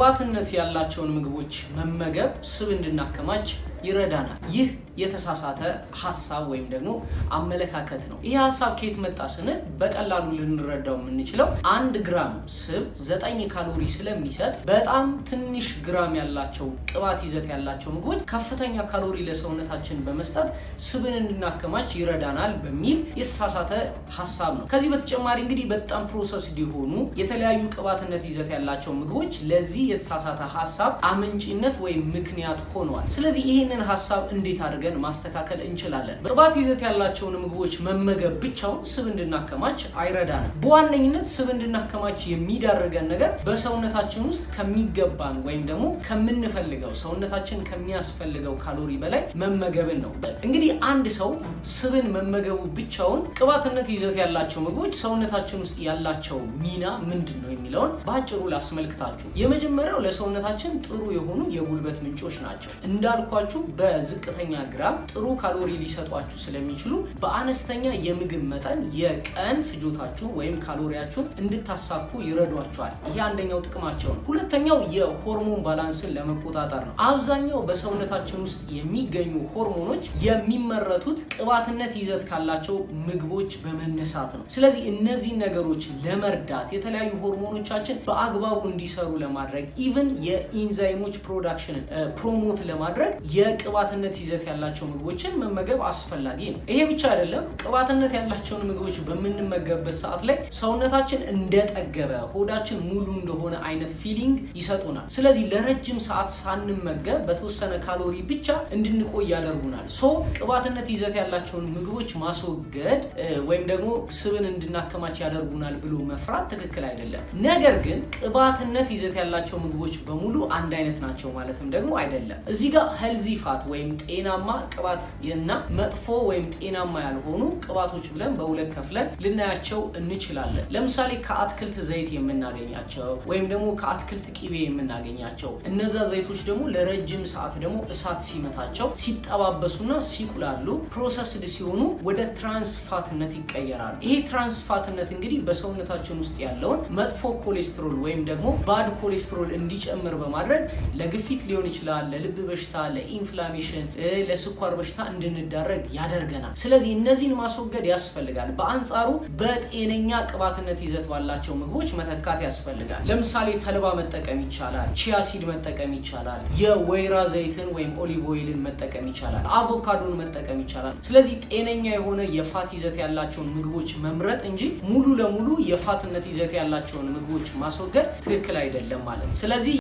ቅባትነት ያላቸውን ምግቦች መመገብ ስብ እንድናከማች ይረዳናል። ይህ የተሳሳተ ሀሳብ ወይም ደግሞ አመለካከት ነው። ይህ ሀሳብ ከየት መጣ ስንል በቀላሉ ልንረዳው የምንችለው አንድ ግራም ስብ ዘጠኝ ካሎሪ ስለሚሰጥ በጣም ትንሽ ግራም ያላቸው ቅባት ይዘት ያላቸው ምግቦች ከፍተኛ ካሎሪ ለሰውነታችን በመስጠት ስብን እንድናከማች ይረዳናል በሚል የተሳሳተ ሀሳብ ነው። ከዚህ በተጨማሪ እንግዲህ በጣም ፕሮሰስ ሊሆኑ የተለያዩ ቅባትነት ይዘት ያላቸው ምግቦች ለዚህ የተሳሳተ ሀሳብ አመንጭነት ወይም ምክንያት ሆነዋል። ስለዚህ ይህን ይህንን ሀሳብ እንዴት አድርገን ማስተካከል እንችላለን? ቅባት ይዘት ያላቸውን ምግቦች መመገብ ብቻውን ስብ እንድናከማች አይረዳንም። በዋነኝነት ስብ እንድናከማች የሚዳርገን ነገር በሰውነታችን ውስጥ ከሚገባን ወይም ደግሞ ከምንፈልገው ሰውነታችን ከሚያስፈልገው ካሎሪ በላይ መመገብን ነው። እንግዲህ አንድ ሰው ስብን መመገቡ ብቻውን ቅባትነት ይዘት ያላቸው ምግቦች ሰውነታችን ውስጥ ያላቸው ሚና ምንድን ነው የሚለውን በአጭሩ ላስመልክታችሁ። የመጀመሪያው ለሰውነታችን ጥሩ የሆኑ የጉልበት ምንጮች ናቸው። እንዳልኳችሁ ካላችሁ በዝቅተኛ ግራም ጥሩ ካሎሪ ሊሰጧችሁ ስለሚችሉ በአነስተኛ የምግብ መጠን የቀን ፍጆታችሁን ወይም ካሎሪያችሁን እንድታሳኩ ይረዷቸዋል። ይሄ አንደኛው ጥቅማቸው ነው። ሁለተኛው የሆርሞን ባላንስን ለመቆጣጠር ነው። አብዛኛው በሰውነታችን ውስጥ የሚገኙ ሆርሞኖች የሚመረቱት ቅባትነት ይዘት ካላቸው ምግቦች በመነሳት ነው። ስለዚህ እነዚህ ነገሮች ለመርዳት የተለያዩ ሆርሞኖቻችን በአግባቡ እንዲሰሩ ለማድረግ ኢቭን የኢንዛይሞች ፕሮዳክሽንን ፕሮሞት ለማድረግ የቅባትነት ይዘት ያላቸው ምግቦችን መመገብ አስፈላጊ ነው። ይሄ ብቻ አይደለም። ቅባትነት ያላቸውን ምግቦች በምንመገብበት ሰዓት ላይ ሰውነታችን እንደጠገበ፣ ሆዳችን ሙሉ እንደሆነ አይነት ፊሊንግ ይሰጡናል። ስለዚህ ለረጅም ሰዓት ሳንመገብ በተወሰነ ካሎሪ ብቻ እንድንቆይ ያደርጉናል። ሶ ቅባትነት ይዘት ያላቸውን ምግቦች ማስወገድ ወይም ደግሞ ስብን እንድናከማች ያደርጉናል ብሎ መፍራት ትክክል አይደለም። ነገር ግን ቅባትነት ይዘት ያላቸው ምግቦች በሙሉ አንድ አይነት ናቸው ማለትም ደግሞ አይደለም። እዚህ ጋር ሄልዚ ፋት ወይም ጤናማ ቅባት እና መጥፎ ወይም ጤናማ ያልሆኑ ቅባቶች ብለን በሁለት ከፍለን ልናያቸው እንችላለን። ለምሳሌ ከአትክልት ዘይት የምናገኛቸው ወይም ደግሞ ከአትክልት ቂቤ የምናገኛቸው እነዛ ዘይቶች ደግሞ ለረጅም ሰዓት ደግሞ እሳት ሲመታቸው ሲጠባበሱና ሲቁላሉ ፕሮሰስድ ሲሆኑ ወደ ትራንስፋትነት ይቀየራሉ። ይሄ ትራንስፋትነት እንግዲህ በሰውነታችን ውስጥ ያለውን መጥፎ ኮሌስትሮል ወይም ደግሞ ባድ ኮሌስትሮል እንዲጨምር በማድረግ ለግፊት ሊሆን ይችላል፣ ለልብ በሽታ፣ ለኢንፍ ኢንፍላሜሽን፣ ለስኳር በሽታ እንድንዳረግ ያደርገናል። ስለዚህ እነዚህን ማስወገድ ያስፈልጋል። በአንጻሩ በጤነኛ ቅባትነት ይዘት ባላቸው ምግቦች መተካት ያስፈልጋል። ለምሳሌ ተልባ መጠቀም ይቻላል። ቺያሲድ መጠቀም ይቻላል። የወይራ ዘይትን ወይም ኦሊቭ ኦይልን መጠቀም ይቻላል። አቮካዶን መጠቀም ይቻላል። ስለዚህ ጤነኛ የሆነ የፋት ይዘት ያላቸውን ምግቦች መምረጥ እንጂ ሙሉ ለሙሉ የፋትነት ይዘት ያላቸውን ምግቦች ማስወገድ ትክክል አይደለም ማለት ነው። ስለዚህ